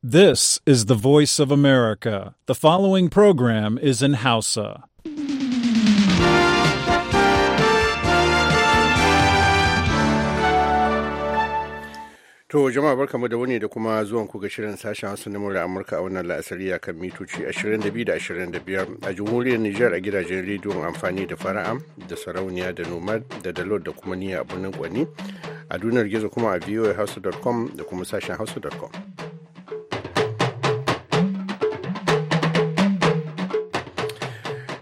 This is the voice of America. The following program is in Hausa. To jama'a barkamu da wani da kuma zuwan ku ga shirin sashen Hausa na murar Amurka a wannan la'asari kan mitoci 22 da 25 a jamhuriyar Nijar a gidajen rediyon amfani da fara'a da sarauniya da nomad da dalot da kuma niyya a birnin kwani a duniyar gizo kuma a voahausa.com da kuma sashen hausa.com.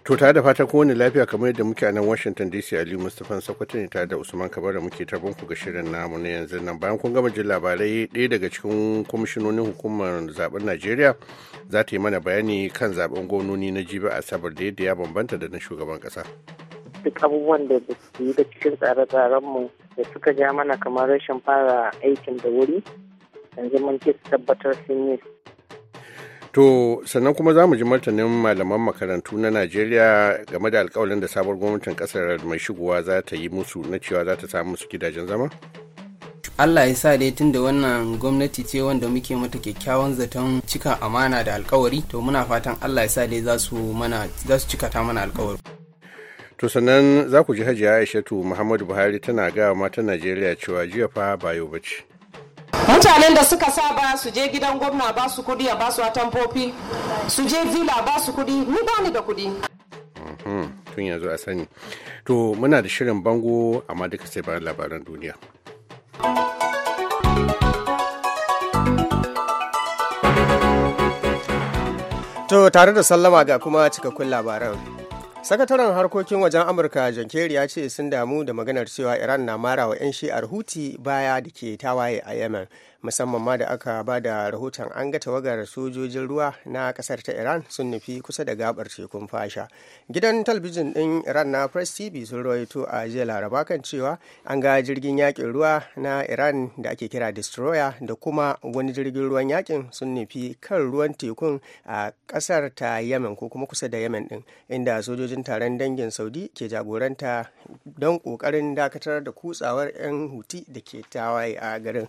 To tare da fatan kowane lafiya kamar yadda muke a nan Washington DC Aliyu Mustapha sakwatin ne tare da Usman Kabara muke tabon ku ga shirin namu na yanzu nan bayan kun gama jin labarai ɗaya daga cikin kwamishinonin hukumar zaben Najeriya za ta yi mana bayani kan zaben gwamnoni na jibi a asabar da yadda ya bambanta da na shugaban ƙasa. Duk abubuwan da su yi da cikin tsare-tsaren mu da suka ja mana kamar rashin fara aikin da wuri yanzu mun ce tabbatar sun yi To sannan kuma za mu ji martanin malaman makarantu na Najeriya game da alkawalin da sabuwar gwamnatin kasar mai shigowa za ta yi musu na cewa za ta samu musu gidajen zama? Allah ya sa dai tunda wannan gwamnati ce wanda muke mata kyakkyawan zaton cika amana da alkawari to muna fatan Allah ya sa dai za su cika ta mana alkawari. To sannan za ku ji hajiya Aishatu Muhammadu Buhari tana gaya mata Najeriya cewa jiya fa bayo bace. mutanen da suka sa ba su je gidan gwamna ba su kudi a ba su atamfofi su je villa ba su kudi ni ba ni da kudi mhm, tun yanzu a sani to muna da shirin bango amma duka sai bayan labaran duniya to tare da sallama ga kuma cikakkun labaran sakataren harkokin wajen amurka john kerry ya ce sun damu da maganar cewa iran na mara wa 'yan shi'ar huti baya da ke tawaye a yemen musamman ma da aka ba da rahoton an ga tawagar sojojin ruwa na kasar ta iran sun nufi kusa da gabar tekun fasha gidan talbijin din iran na press tv sun rawaito a jiya laraba kan cewa an ga jirgin yakin ruwa na iran da ake kira destroyer da kuma wani jirgin ruwan yakin sun nufi kan ruwan tekun a kasar ta yemen ko kuma kusa da yamen din inda sojojin taron dangin saudi ke jagoranta don kokarin dakatar da kutsawar 'yan huti da ke tawaye a garin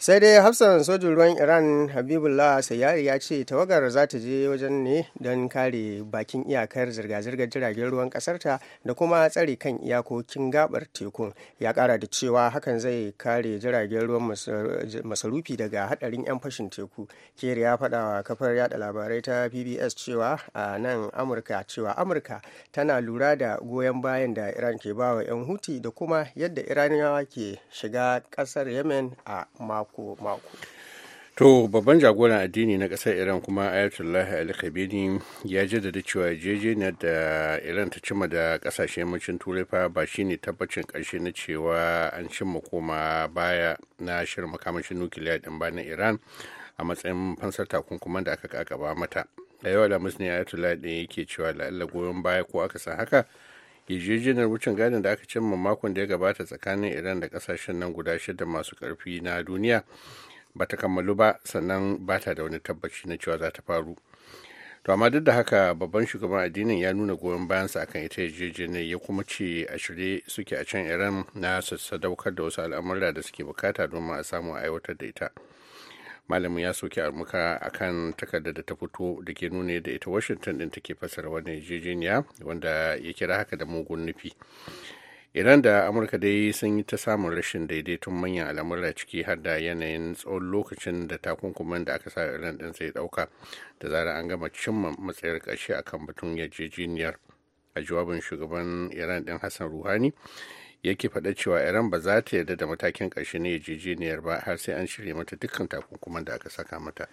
sai dai hafsan sojin ruwan iran habibullah sayari ya ce tawagar za ta je wajen ne don kare bakin iyakar zirga-zirgar jiragen ruwan kasarta da kuma tsare kan iyakokin gabar tekun ya kara da cewa hakan zai kare jiragen ruwan masarufi daga hadarin 'yan fashin teku kere ya faɗa wa kafar yada labarai ta pbs cewa a nan amurka cewa amurka tana lura da goyon bayan da iran ke bawa 'yan huti da kuma yadda iraniyawa ke shiga kasar yemen a mako mako-mako. To babban jagoran addini na ƙasar Iran kuma Ayatollah Ali Khamenei ya jaddada cewa yarjejeniyar da Iran ta cima da kasashen yammacin Turai fa ba shine tabbacin karshe na cewa an cimma koma baya na shirin makamashin nukiliya din ba na Iran a matsayin fansar takunkuman da aka kakaba mata. A yau Alhamis ne Ayatollah ɗin yake cewa la'alla goyon baya ko aka san haka yarjejeniyar wucin gadin da aka cimma makon da ya gabata tsakanin iran da kasashen nan guda shida masu karfi na duniya ba ta kammalu ba sannan ba ta da wani tabbaci na cewa za ta faru to amma duk da haka babban shugaban addinin ya nuna goyon bayansa akan ita yarjejeniyar ya kuma ce a shirye suke a can iran na sadaukar da wasu al'amura da suke bukata domin a samu aiwatar da ita malamin ya soke muka a kan takardar da ta fito da ke nuna da ita washington din take fasara wani yarjejeniya wanda ya kira haka da mugun nufi iran da amurka dai sun yi ta samun rashin daidaiton manyan al'amura ciki har da yanayin tsawon lokacin da takunkuman da aka sa iran din sai dauka da zarar an gama cimma matsayar ƙarshe akan batun yarjejeniyar a jawabin shugaban iran din hassan ruhani yake faɗa cewa iran ba za ta yarda da matakin ƙarshe na yarjejeniyar ba har sai an shirya mata dukkan takunkuman da aka saka mata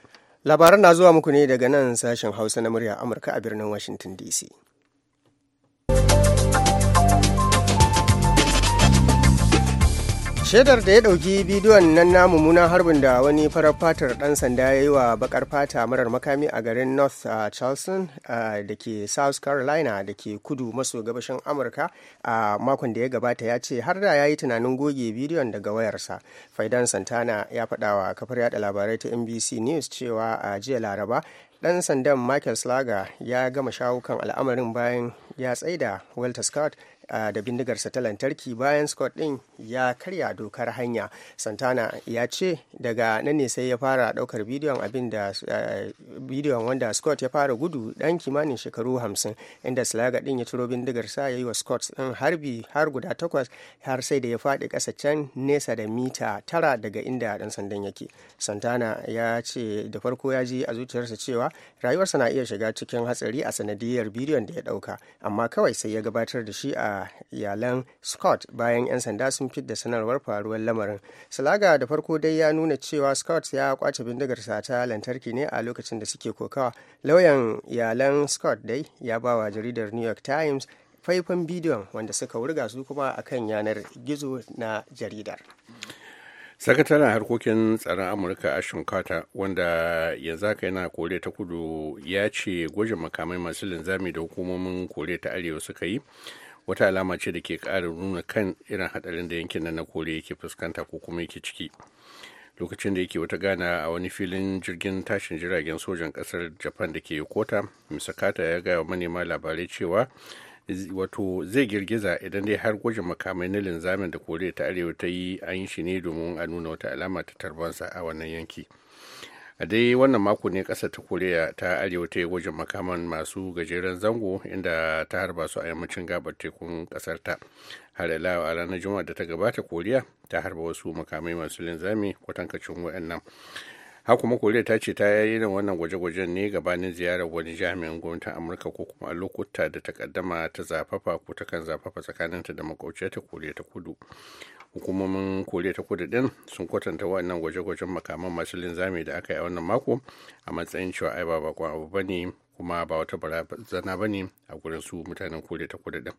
labaran na zuwa muku ne daga nan sashen hausa na murya amurka a birnin washington dc shaidar da ya ɗauki bidiyon nan na mummunan harbin da wani farar fatar ɗan sanda ya yi wa bakar fata marar makami a garin north uh, charleston uh, da ke south carolina da ke kudu maso gabashin amurka a makon da ya gabata ya ce har da ya yi tunanin goge bidiyon daga wayarsa faidan santana ya faɗa wa kafar yada labarai ta nbc news cewa a jiya laraba dan sandan michael slager ya gama shawukan al'amarin bayan ya tsaida walter scott da bindigarsa ta lantarki bayan scott din ya karya dokar hanya santana ya ce daga nan ne sai ya fara daukar bidiyon abin da bidiyon wanda scott ya fara gudu dan kimanin shekaru hamsin inda slaga din ya ciro bindigarsa ya yi wa scott din harbi har guda takwas har sai da ya faɗi kasa can nesa da mita tara daga inda dan sandan yake santana ya ce da farko ya ji a zuciyarsa cewa rayuwarsa na iya shiga cikin hatsari a sanadiyar bidiyon da ya ɗauka amma kawai sai ya gabatar da shi a iyalan scott bayan 'yan sanda sun da sanarwar faruwar lamarin salaga da farko dai ya nuna cewa scott ya kwace bindigarsa ta lantarki ne a lokacin da suke kokawa lauyan iyalan scott dai ya bawa jaridar new york times faifan bidiyon wanda suka wurga su kuma akan yanar gizo na jaridar sakataren harkokin tsaron amurka ashton carter wanda yanzu haka yana kore ta kudu ya ce gwajin makamai masu linzami da hukumomin kore ta arewa suka yi wata alama ce da ke ƙara nuna kan irin haɗarin da yankin nan na kore yake fuskanta ko kuma yake ciki lokacin da yake wata gana a wani filin jirgin tashin jiragen sojan ƙasar japan da ke yokota misakata ya gaya wa manema labarai cewa wato zai girgiza idan dai har gwajin makamai na linzamin da koriya ta arewa ta yi an yi shi ne domin a nuna wata alama ta tarbansa a wannan yanki. a dai wannan mako ne kasar ta koriya ta arewa ta yi gwajin makaman masu gajeren zango inda ta harba su a yammacin gabar tekun ƙasar ta har ila a ranar juma'a da ta gabata koriya ta harba wasu makamai masu linzami kwatankacin waɗannan hakuma koriya ta ce ta yi irin wannan gwaje-gwajen ne gabanin ziyarar wani jami'in gwamnatin amurka ko kuma a lokuta da ta kaddama ta zafafa ko ta kan zafafa tsakaninta da makwabciyar ta koriya ta kudu hukumomin koriya ta kudu din sun kwatanta wannan gwaje-gwajen makaman masu linzami da aka yi a wannan mako a matsayin cewa ai ba bakon abu ba ne kuma ba wata barazana ba ne a gurin su mutanen koriya ta kudu din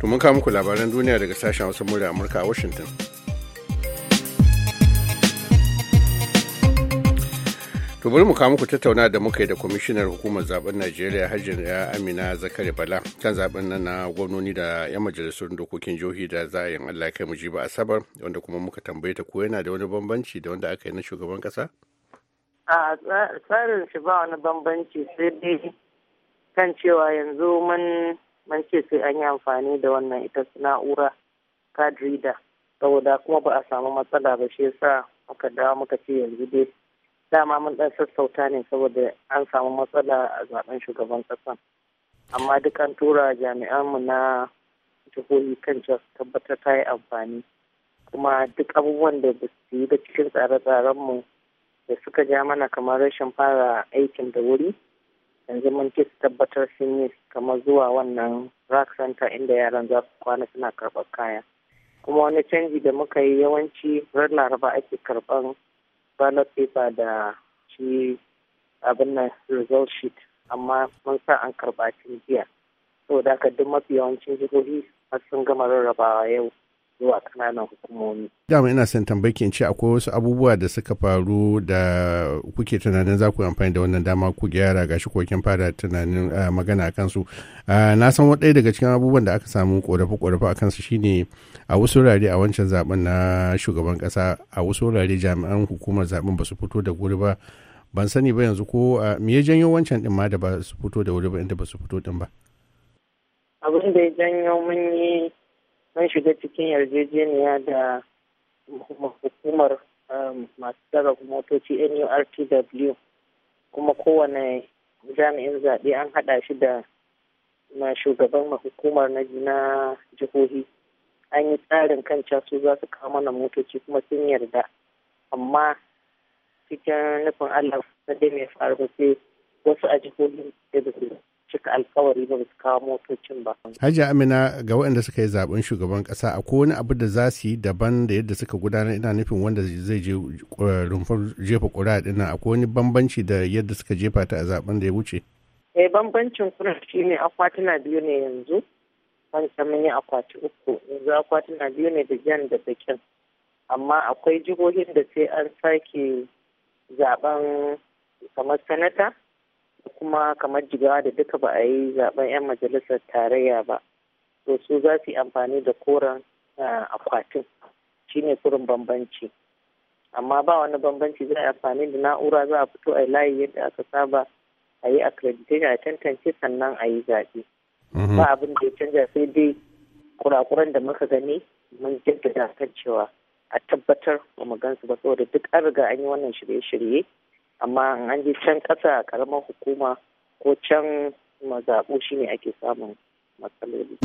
to kawo muku labaran duniya daga sashen wasu murya amurka a washington To bari mu kawo muku tattauna da muka yi da kwamishinar hukumar zaben Najeriya ya Amina Zakari Bala kan zaben nan na gwamnoni da 'yan majalisar dokokin jihohi da za a yin Allah kai mu ji ba asabar wanda kuma muka tambaye ta ko yana da wani bambanci da wanda aka yi na shugaban kasa? A tsarin shi ba wani bambanci sai dai kan cewa yanzu mun mun ce sai an yi amfani da wannan ita na'ura card reader saboda kuma ba a samu matsala ba shi yasa muka dawo muka ce yanzu dai dama mun dan sassauta ne saboda an samu matsala a zaben shugaban kasa amma duk an tura jami'anmu na jihohi kan su tabbatar ta yi amfani kuma duk abubuwan da ba su yi da cikin tsare-tsarenmu da suka ja mana kamar rashin fara aikin da wuri yanzu mun ke su tabbatar sun yi kamar zuwa wannan rock center inda yaran za su kwana suna karɓar kaya kuma wani canji da muka yi yawanci ran laraba ake karɓar ballot paper da shi abin nan result sheet amma mun sa an karɓa tun jiya saboda haka duk mafi yawancin jihohi sun gama rarrabawa yau zuwa kananan hukumomi. Dama ina son tambayki ce akwai wasu abubuwa da suka faru da kuke tunanin za ku amfani da wannan dama ku gyara gashi ko kin fara tunanin ah, magana a kansu. Ah, na san wadai daga cikin abubuwan da aka samu korafe-korafe a kansu shine a wasu wurare a wancan zaben na shugaban kasa a wasu wurare jami'an hukumar zaben ba su fito da guri ba ban sani ba yanzu ko ah, me ya janyo wancan din ma da ba su fito da wuri ba inda ba su fito din ba. Abin da ya janyo mun yi mun shiga cikin yarjejeniya da hukumar um, masu sarrafa motoci nurtw kuma kowane jami'in zaɓe an haɗa shi da na shugaban hukumar na jihohi an yi tsarin kan su za su kawo mana motoci kuma sun yarda amma cikin nufin allah na dai mai faru sai wasu a jihohi da cika alkawari ba su kawo motocin ba. Hajji Amina ga waɗanda suka yi zaben shugaban ƙasa akwai wani abu da za su yi daban da yadda suka gudanar ina nufin wanda zai je eh, rumfar jefa ƙuri'a ɗina akwai wani bambanci da yadda suka jefa ta a zaben da ya wuce. Eh bambancin kuna shi ne akwatuna biyu ne yanzu ban san yi akwati uku yanzu akwatuna biyu ne da jan da bakin amma akwai jihohin da sai an sake zaben kamar sanata kuma kamar jigawa da duka ba a yi zaben 'yan majalisar tarayya ba to su za su yi amfani da koren eh, akwatin shine kurin bambanci amma ba wani bambanci za a amfani da na'ura za a fito a layi yadda aka saba a yi accreditation a tantance sannan a yi zaɓe mhm. ba abin da ya canja sai dai kurakuran da muka gani mun jaddada kan cewa a tabbatar ba mu gansu ba saboda duk an riga an yi wannan shirye-shirye amma an je can ƙasa a ƙaramar hukuma ko can mazaɓu ne ake samun matsaloli.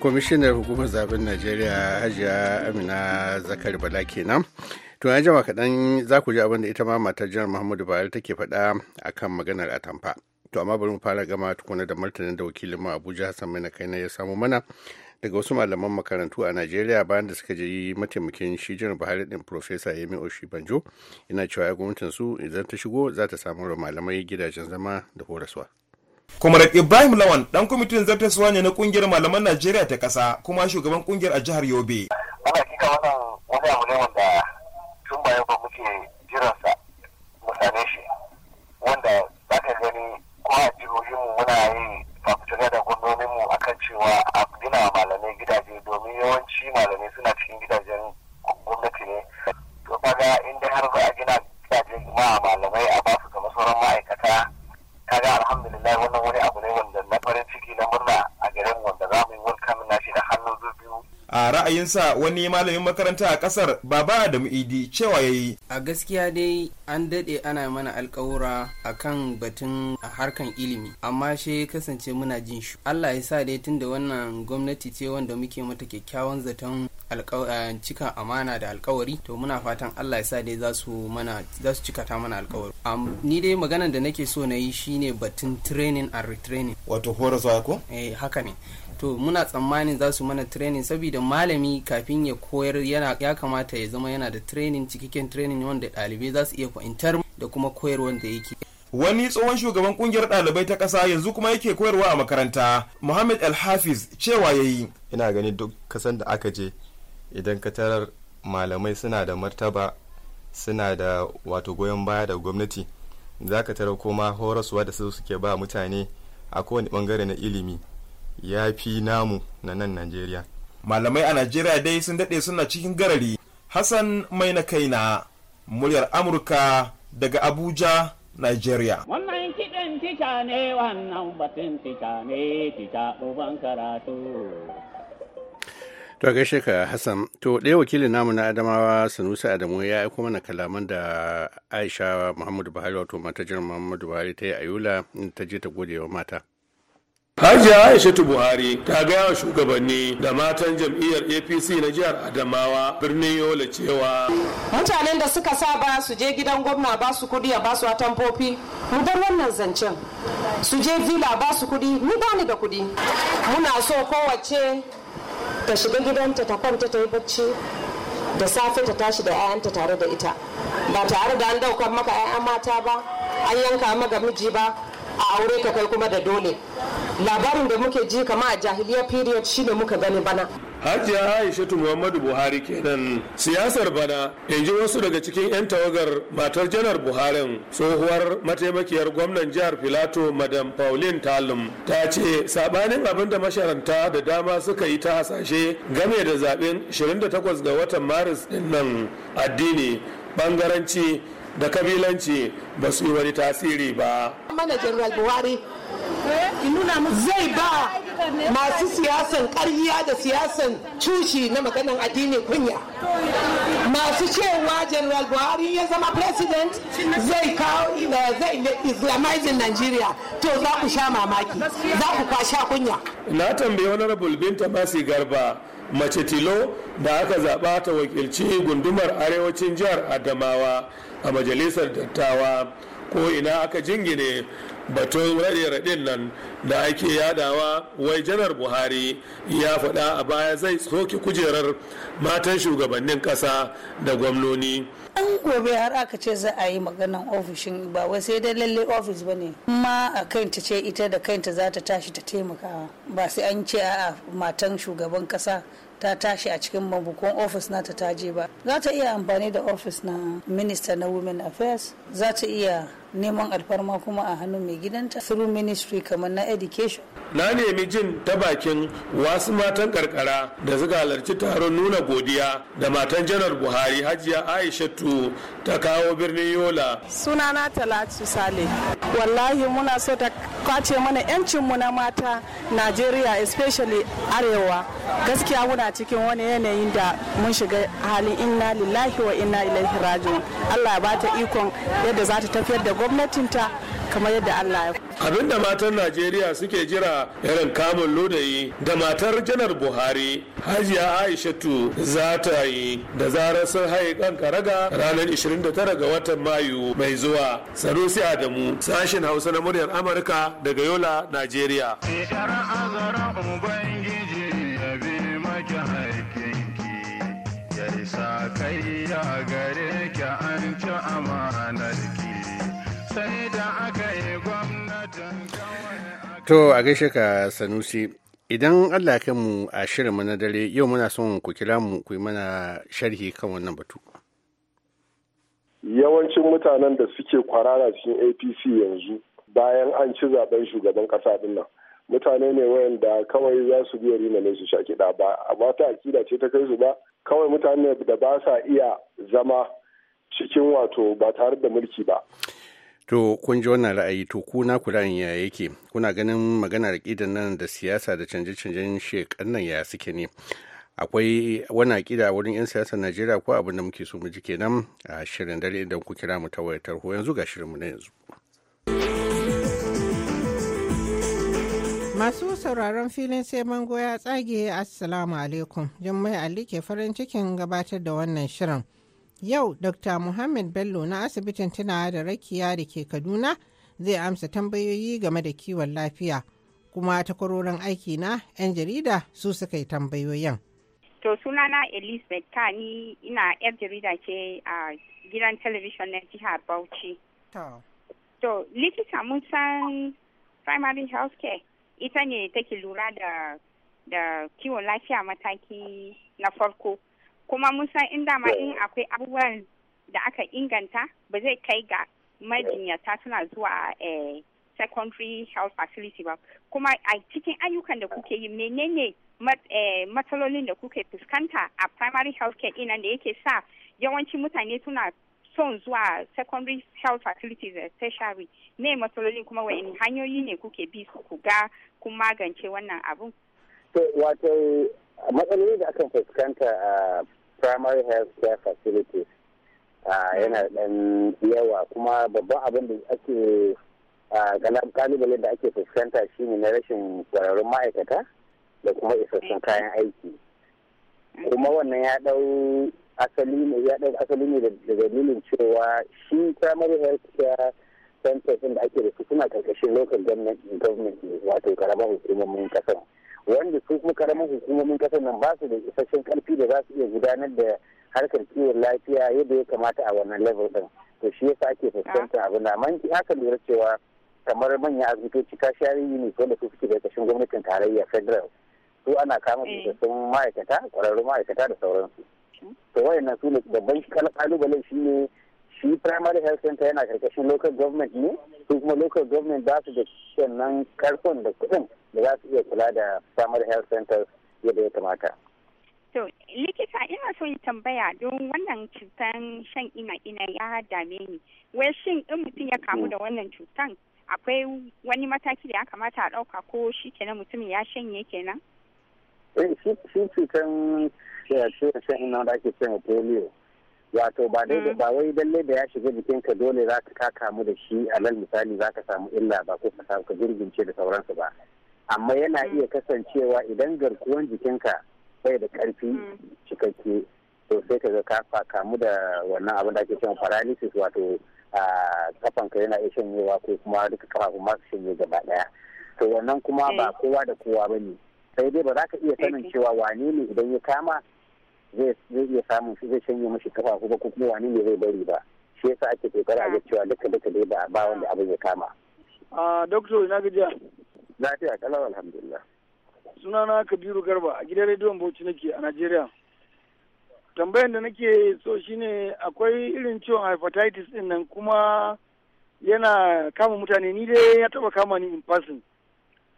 kwamishinar hukumar zaben najeriya hajiya amina zakari bala kenan to an jama kaɗan za ku ji abin da ita ma matar janar muhammadu buhari take faɗa akan maganar atamfa to amma bari mu fara gama tukuna da martanin da wakilin ma Abuja Hassan Maina na ya samu mana daga wasu malaman makarantu a Najeriya bayan da suka je yi mataimakin shi jiran Buhari din profesa Yemi oshi banjo yana cewa ya gwamnatin su idan ta shigo za ta samu malamai gidajen zama da horaswa. Comrade Ibrahim Lawan dan kwamitin zartaswa ne na kungiyar malaman Najeriya ta kasa kuma shugaban kungiyar a jihar Yobe. Ana kika malamai suna cikin gidajen gwamnati ne to kaga inda har ba a gina gidajen ma malamai a basu kamar sauran ma'aikata kaga alhamdulillah wannan wani abu ne wanda na farin ciki na murna a garin wanda za mu yi welcome na shi da hannu biyu a ra'ayinsa wani malamin makaranta a kasar baba da mu'idi cewa yayi a gaskiya dai an daɗe ana mana alkawura akan batun harkan ilimi amma ya kasance muna jin shi Allah ya sa dai da wannan gwamnati ce wanda muke mata kyakkyawan zaton eh, cika amana da alkawari to muna fatan Allah ya sa dai za su mana cika ta mana alkawari ni dai maganan da nake so na yi shine batun training and retraining wato horaswa ko eh haka ne to muna tsammanin za su mana training saboda malami kafin ya koyar ya kamata ya zama yana da training cikakken training wanda ɗalibai za su iya fahimtar da kuma koyarwar da yake wani tsohon shugaban kungiyar ɗalibai ta ƙasa yanzu kuma yake koyarwa a makaranta muhammad alhafiz cewa ya yi ina gani duk kasan da aka je idan ka tarar malamai suna da martaba suna da wato goyon baya da gwamnati za ka tarar koma horaswa da su suke ba mutane a kowane bangare na ilimi ya fi namu na nan najeriya malamai a najeriya dai sun daɗe suna cikin garari hassan mai na kaina muryar amurka daga abuja Nigeria. Wannan kiɗan tica ne wannan batun tica ne tica uban karatu. To gaishe ka Hassan, to ɗaya wakilin namu na Adamawa Sanusi Adamu ya aiko mana kalaman da Aisha Muhammadu Buhari wato matajar Muhammadu Buhari ta yi a Yola ta je ta gode wa mata. Hajiya Aishatu Buhari ta gaya wa shugabanni da matan jam'iyyar APC na jihar Adamawa birnin Yola cewa mutanen da suka sa ba su je gidan gwamna ba su kudi a ba su atamfofi mu bar wannan zancen su je villa ba su kudi ni ba da kudi muna so kowace ta shiga gidanta ta kwanta ta yi bacci da safe ta tashi da 'ya'yanta tare da ita ba tare da an daukar maka 'ya'ya mata ba an yanka maka miji ba a aure ka kai kuma da dole labarin da muke ji kama a jahiliya period shine muka gani bana Hajiya Aishatu Muhammadu Buhari kenan siyasar bana yanzu wasu daga cikin 'yan tawagar matar janar Buharin tsohuwar mataimakiyar gwamnan jihar Filato Madam Pauline Talum ta ce sabanin abin da masharanta da dama suka yi ta hasashe game da zaben 28 ga watan Maris din addini bangaranci da kabilanci ba su yi wani tasiri ba mana general buhari zai ba masu siyasan ƙarya da siyasan cushi na maganan addini kunya masu cewa general buhari ya zama president zai kawo eh, zai islamizing nigeria to za ku sha mamaki za ku kwasha kunya na tambayi wani rabul binta masu garba mace tilo da aka zaɓa ta wakilci gundumar arewacin jihar adamawa a majalisar dattawa ko ina aka jingine batun raɗe-raɗen nan da ake yadawa wai janar buhari ya faɗa a baya zai soke kujerar matan shugabannin ƙasa da gwamnoni an gobe har aka ce za a yi maganan ofishin ba wai sai dai lalle ofis ba ne amma a kanta ce ita da kanta za ta tashi ta taimaka ba sai an ce a matan shugaban ƙasa ta tashi a cikin mabukun ofis na ta je ba za ta iya amfani da ofis na minista na women affairs za ta iya neman alfarma kuma a hannun mai gidanta through ministry kamar na education na nemi jin ta bakin wasu matan karkara da suka halarci taron nuna godiya da matan janar buhari hajiya aishatu ta kawo birnin yola sunana talatu sale wallahi muna so ta kwace mana 'yancin mu na mata najeriya especially arewa gaskiya muna cikin wani yanayin da mun shiga halin inna lillahi wa inna ilaihi rajiun allah ya bata ikon yadda za ta tafiyar da gwamnatinta kamar yadda Allah ya abin da matan Najeriya suke jira irin kamun lodayi da matar janar Buhari Hajiya Aishatu za ta yi da zarar sun haye kan karaga ranar 29 ga watan Mayu mai zuwa Sanusi Adamu sashen Hausa na muryar Amurka daga Yola Najeriya kai ya gare an ci amanar ki sai da aka To a gaishe ka Sanusi idan Allah ya mu a shirin na dare yau muna son ku kira mu ku yi mana sharhi kan wannan batu. Yawancin mutanen da suke kwarara cikin APC yanzu bayan an ci zaben shugaban kasa din nan mutane ne wayanda kawai za su biya rina ne su shaki da ba amma ta akida ce ta kai su ba kawai mutane da ba sa iya zama cikin wato ba tare da mulki ba To kun ji wannan ra'ayi to na kula ya yake kuna ganin magana da kidan nan da siyasa da canje-canjen shekan nan ya suke ne. Akwai wani aƙida wurin 'yan siyasar Najeriya ko abin da muke so mu ji kenan a shirin dare idan ku kira mu ta tarho yanzu ga mu na yanzu. Masu sauraron filin sai mango ya tsage Assalamu alaikum. Jummai Ali ke farin cikin gabatar da wannan shirin. Yau Dr. Muhammad Bello na asibitin tunawa da rakiya da ke Kaduna zai amsa tambayoyi game da kiwon lafiya kuma takwarorin aiki na 'yan jarida su suka yi tambayoyin. To sunana Elizabeth kani ina 'yar jarida ce a gidan talabijin na jihar Bauchi. To. likita mun san primary health care ita ne take lura da kiwon lafiya mataki na farko. kuma mun san inda in akwai abubuwan da aka inganta ba zai kai ga majinyata suna zuwa eh, secondary health facility ba kuma a cikin ayyukan da kuke yi menene eh, matsalolin da kuke fuskanta a primary health care inan da yake sa yawanci mutane suna son zuwa secondary health facilities da tertiary ne matsalolin kuma wani hanyoyi ne kuke bi su ku ga kun magance wannan abun wato matsaloli da akan fuskanta a primary health care facilities ah, mm. yana dan yawa kuma babban abin da ake ah, kalubalen da ake fuskanta ne na rashin kwararrun ma'aikata da kuma isassun mm. kayan aiki mm. kuma wannan ya dau asali ne ya dau asali ne da dalilin cewa shi primary health care centers da ake da su suna karkashin local government ne wato karamar hukumomin kasar wanda su kuma karamin hukumomin kasar nan ba su da isasshen karfi da za su iya gudanar da harkar kiwon lafiya yadda ya kamata a wannan level din to shi yasa ake fuskanta ah. abu na man aka lura cewa kamar manyan asibitoci kashiyar ne wanda su suke da kashin gwamnatin tarayya federal su ana kama eh. sun ma'aikata kwararrun ma'aikata da sauransu to wayannan su ne babban kalubalen shi ne shi primary health center yana karkashin local government ne su kuma local government ba su da sannan karfin da kuɗin da za su iya kula da samar health centers yadda ya kamata. To likita ina so yi tambaya don wannan cutan shan ina ina ya dame ni. Wai shin in mutum ya kamu da wannan cutan akwai wani mataki da ya kamata a ɗauka ko shi kenan mutumin ya shanye kenan? Eh shi cutan shan ina da ake shan polio. Wato ba dai mm. ba wai dalle da ya shiga jikinka dole za ka kamu da shi alal misali za ka samu illa ba ko ka samu ka jirgince da sauransu ba. amma yana mm. iya kasancewa idan garkuwan jikinka bai da karfi mm. cikakke to sai ka ka kamu da wannan abin da ake cewa paralysis wato kafanka yana iya shanyewa ko kuma duka kafafun masu shanye gaba daya to wannan kuma ba eh. kowa da kowa ba ne sai dai ba za ka iya sanin eh, eh. cewa wane ne idan ya kama zai iya samun zai shanye mashi kafafu ba ko kuma wane ne zai bari ba shi yasa ake kokari a ga ah. cewa duka duka dai ba wanda abin ya kama. a ah, doktor gajiya Lafiya kalau alhamdulillah. Sunana Kabiru Garba a gidan rediyon Bauchi nake a Najeriya. Tambayan da nake so shine akwai irin ciwon hepatitis din nan kuma yana kama mutane ni dai ya taba kama ni in fasin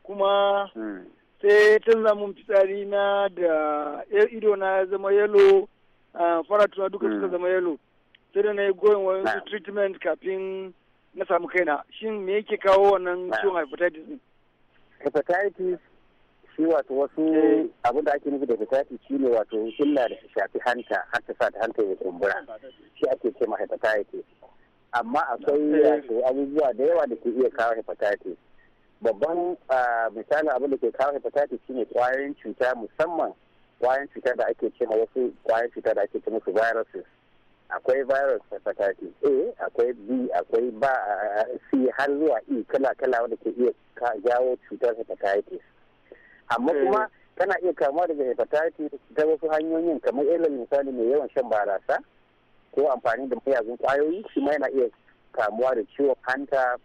kuma hmm. sai canza mun fitsari na da ido na zama yalo faratuna duka suka hmm. zama yalo sai da na yi goyon wani treatment kafin na samu kaina shin me yake kawo wannan ciwon hepatitis din hepatitis shi wato wasu eh. abin da ake nufi da hepatitis shi ne wato illa da ta shafi hanta har ta sa ta hanta ya kumbura shi ake ce ma hepatitis amma akwai eh. wato abubuwa da yawa da ke iya kawo hepatitis babban misali abin da ke kawo hepatitis ne kwayoyin cuta musamman kwayoyin cuta da ake ce ma wasu kwayoyin cuta da ake ce musu viruses akwai virus hepatitis a akwai b akwai ba c har zuwa e kala kala wanda ke iya jawo cutar hepatitis amma hmm. kuma kana iya kamuwa daga hepatitis ta wasu hanyoyin kamar ilal misali mai yawan shan barasa ko amfani da mayagun kwayoyi shi ma yana iya kamuwa da ciwon hanta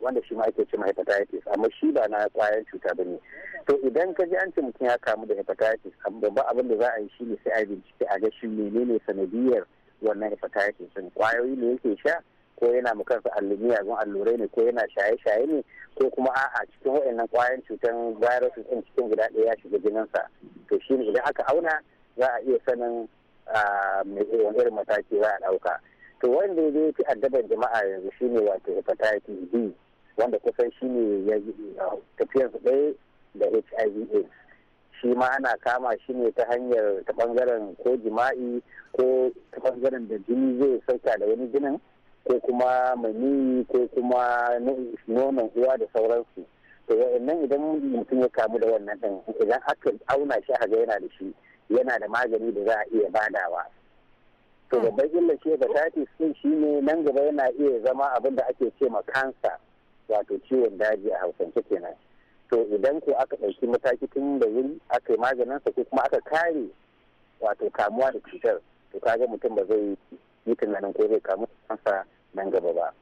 wanda shi ma ake cewa hepatitis amma shi ba na kwayan cuta ba ne to idan ka ji an ce mutum ya kamu da hepatitis ba abin da za a yi shi ne sai a bincike a ga shi menene sanadiyar wannan hepatitis din kwayoyi ne yake sha ko yana mu kansa allumiya gun allurai ne ko yana shaye-shaye ne ko kuma a'a cikin waɗannan kwayan cutar virus din cikin guda ɗaya ya shiga jininsa to shine idan aka auna za a iya sanin eh, wani irin mataki za a ɗauka to wanda ya fi addabar jama'a yanzu shine wato hepatitis b wanda kusan shine tafiyarsa ɗaya da hiv aids shi ma ana kama shi ne ta hanyar ta bangaren ko jima'i ko ta bangaren da jini zai sauka da wani ginin ko kuma maniyyi ko kuma nonon uwa da sauransu to wa'annan idan mutum ya kamu da wannan din idan aka auna shi haka yana da shi yana da magani da za a iya badawa to hmm. babban illar shi tati sun shi ne nan gaba yana iya zama abin da ake ce ma kansa wato ciwon daji a hausance kenan to idan ko aka ɗauki mataki tun da wuri aka yi maganin sa ko kuma aka kare wato kamuwa da cutar to kaga mutum ba zai yi tunanin ko zai kamu kansa nan gaba ba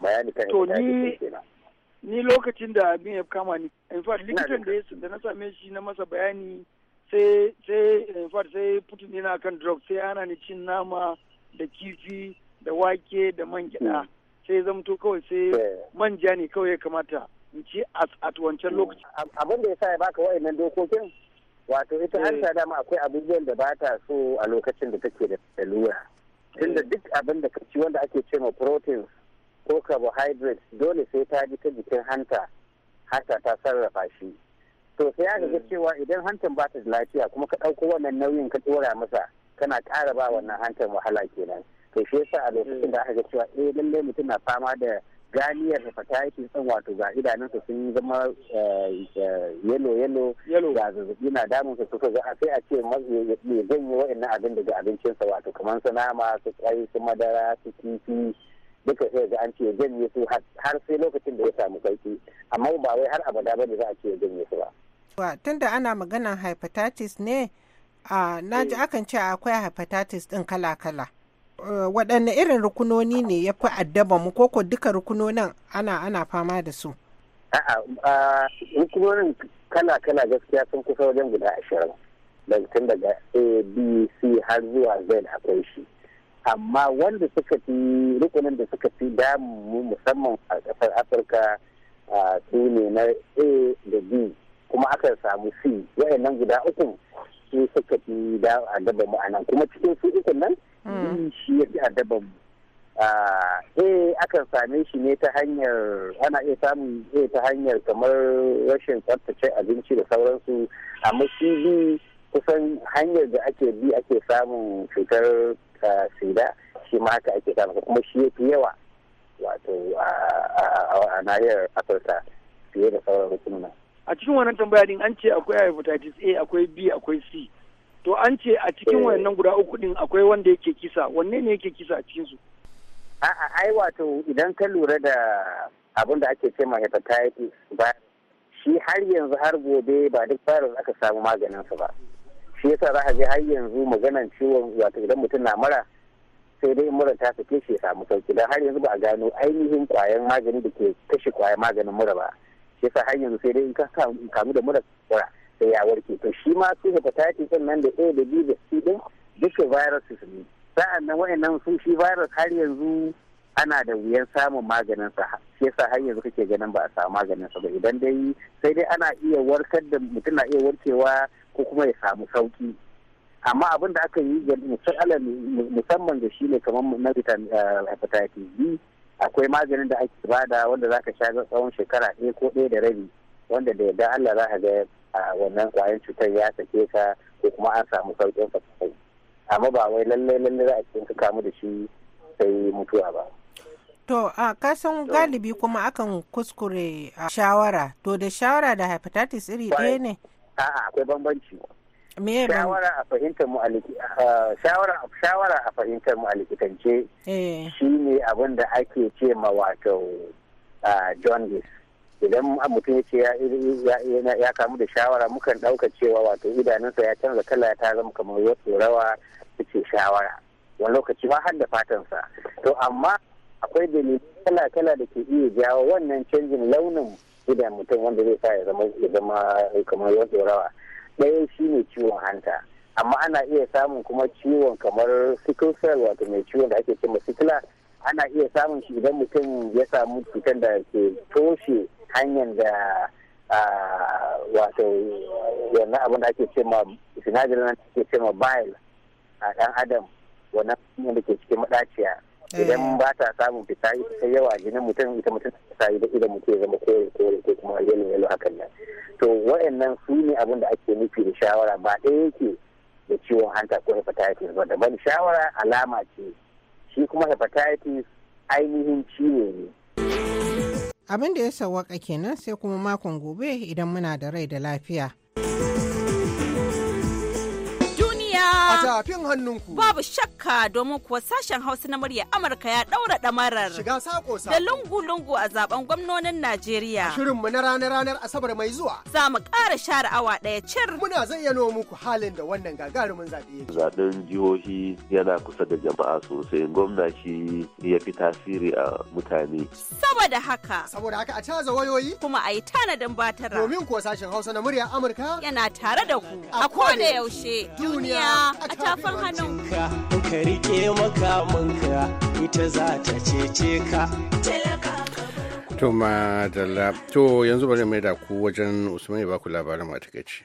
bayani kan to ni ni lokacin da abin ya kama ni in fact likitan da da na same shi na masa bayani sai sai in fact sai putin yana kan drug sai ana ni cin nama da kifi da wake da man gida hmm. sai zamto kawai sai eh. manja ne kawai ya kamata ce a wancan hmm. lokaci. Abin da ya sa ya baka wa'annan dokokin wato ita hmm. an sa dama akwai abubuwan da ba ta so a lokacin da take da lura. Tunda hmm. duk abin da ci wanda ake ce ma protein ko carbohydrates dole sai ta ji ta jikin hanta hanta ta sarrafa shi. To sai ya ga cewa idan hantan ba ta da lafiya kuma ka ɗauko wannan nauyin ka ɗora masa kana ƙara ba wannan hantan wahala kenan. To shi yasa a lokacin da aka ga cewa eh lallai mutum na fama da ganiyar fata yake son wato ga idanunsa sun zama yelo eh, eh, yelo ga zazzabi na damun su suka ga sai a ce mai janye wa'annan abin daga abincinsa wato kamar su nama su kwai su madara su kifi duka sai ga an ce yi su har sai lokacin da ya samu sauki amma ba wai har abada ba ne za a ce yi su ba. tunda ana maganan hepatitis ne na ji eh. akan ce akwai hepatitis din kala-kala. Eh, waɗanne irin rukunoni ne ya fi addaba mu koko duka rukunonin ana ana fama da su a'a rukunonin kala kala gaskiya sun kusa wajen guda ashirin daga tun daga a b c har zuwa z akwai shi amma wanda suka fi rukunin da suka fi damu musamman a ƙasar afirka su ne na a da b kuma aka samu c waɗannan guda uku su suka fi da adaba mu kuma cikin su ukun nan hmm. shi ya fi adaba mu eh akan same shi ne ta hanyar ana iya samun eh ta hanyar kamar rashin tsaftace abinci da sauransu amma shi bi kusan hanyar da ake bi ake samun cutar sida shi ma haka ake samun kuma shi ya fi yawa wato a nahiyar afirka fiye da sauran hukumar a cikin wannan tambaya din an ce akwai hepatitis A akwai B akwai C to an ce a cikin eh. wannan guda uku din akwai wanda yake kisa wanne ne yake kisa a cikin su a'a ai wato idan ka lura da abin da ake ce ma hepatitis ba shi har yanzu har gobe ba duk virus aka samu maganin su ba shi yasa za ka je har yanzu maganan ciwon wato idan mutum na mura sai dai mura ta sake shi ya samu sauki dan har yanzu ba a gano ainihin kwayan maganin da ke kashe kwayan maganin mura ba shi sa har sai dai in ka kamu da mura kura sai ya warke to shi ma su hepatitis nan da A da B da C din duka viruses ne sa'an nan wa'annan su shi virus har yanzu ana da wuyan samun maganin sa shi yasa har yanzu kake ganin ba a samu maganin sa ba idan dai sai dai ana iya warkar da mutum na iya warkewa ko kuma ya samu sauki amma abin da aka yi musamman da shi ne kamar na eh, hepatitis B akwai maganin da ake bada wanda za ka sha tsawon shekara ɗaya ko ɗaya da rabi wanda da yadda Allah za ka ga wannan kwayan cutar ya sake ka ko kuma an samu sauƙin sa sosai amma ba wai lallai lallai za a cikin ka kamu da shi sai mutuwa ba. To a kasan galibi kuma akan kuskure shawara to da shawara da hepatitis iri ɗaya ne? A'a akwai bambanci. shawara a fahimtar mu shawara a fahimtar mu a likitance eh. shine abin da ake ce ma wato jaundice idan mutum ya ce ya kamu da shawara mukan ɗauka cewa wato idanunsa ya canza kala ta zama kamar ya tsorawa ta ce shawara wani lokaci ma har da fatansa to amma akwai dalilin kala-kala da ke iya jawo wannan canjin launin idan mutum wanda zai sa ya zama kamar ya tsorawa ɗaya ne ciwon hanta amma ana iya samun kuma ciwon kamar sickle cell wato mai ciwon da ake ce sikila ana iya samun shi idan mutum ya samu cutar da ke toshe hanyar da wato wannan abin da ake ce ma sinadarin da ake ce ma bile a ɗan adam wannan da ke cikin maɗaciya idan eh. ba ta samun fitsari ta yawa jinin mutum ita mutum yi da idan mutum ya zama kore kore ko kuma yalo yalo hakan nan to wa'annan su ne abin da ake nufi da shawara ba ɗaya yake da ciwon hanta ko hepatitis ba daban shawara alama ce shi kuma hepatitis ainihin ciwo ne abin da ya sawaka kenan sai kuma makon gobe idan muna da rai da lafiya Zafin hannunku. Babu shakka domin kuwa sashen Hausa na murya Amurka ya ɗaura ɗamarar. Shiga sako sako. Da lungu-lungu a zaben gwamnonin Najeriya. Shirin mu na ranar-ranar Asabar mai zuwa. Za mu ƙara share awa ɗaya cir. Muna zayyano muku halin da wannan gagarumin zaɓe. Zaɓen jihohi yana kusa da jama'a sosai. Gwamna shi ya fi tasiri a mutane. Saboda haka. Saboda haka a caza wayoyi. Kuma a yi tanadin batara. Domin kuwa sashen Hausa na murya Amurka. Yana tare da ku. A kowane yaushe. Duniya. a tafin hannunka ka rike makamanka ita za ta cece ka to madalla to yanzu bari mai da ku wajen usman ya baku labarin matakaici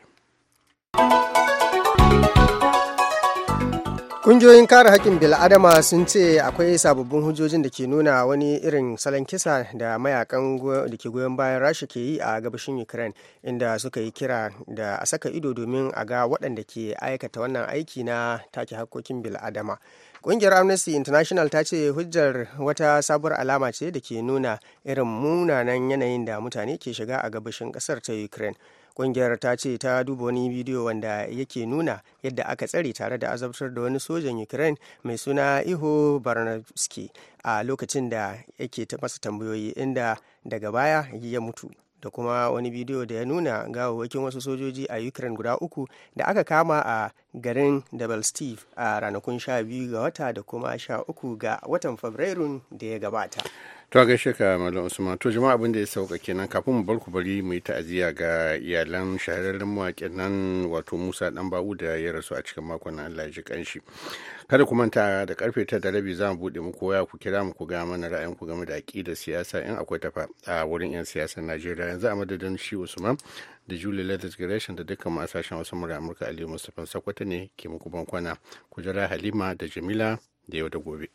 Kungiyoyin kare haƙƙin bil'adama sun ce akwai sababbin hujjojin da ke nuna wani irin salon kisa da mayakan da ke goyon bayan rasha ke yi a gabashin Ukraine inda suka yi kira da a saka ido domin a ga waɗanda ke aikata wannan aiki na take haƙƙoƙin bil'adama. Ƙungiyar Amnesty International ta ce hujjar wata sabuwar alama ce da ke nuna irin munanan yanayin da mutane ke shiga a gabashin ƙasar ta Ukraine. ƙungiyar ta ce ta duba wani bidiyo wanda yake nuna yadda aka tsare tare da azabtar da wani sojan ukraine mai suna iho barnabski a lokacin da yake masa tambayoyi inda daga baya ya mutu da kuma wani bidiyo da ya nuna gawawwakin wasu sojoji a ukraine guda uku da aka kama a garin double steve a ranakun 12 ga wata da kuma 13 ga watan fabrairun da ya gabata to gaishe ka malam usman to jama'a abin da ya sauka kenan kafin mu bar ku bari mu yi ta'aziyya ga iyalan shahararren mawaƙin nan wato musa dan bawu da ya rasu a cikin makon allah ji kanshi kada ku manta da karfe ta da rabi za mu buɗe mu koya ku kira mu ku ga mana ra'ayin ku game da aƙidar siyasa in akwai tafa a wurin 'yan siyasar najeriya yanzu a madadin shi usman da julie letters gresham da dukkan masu sashen wasu mura amurka aliyu mustapha sakwata ne ke muku bankwana ku halima da jamila da yau da gobe.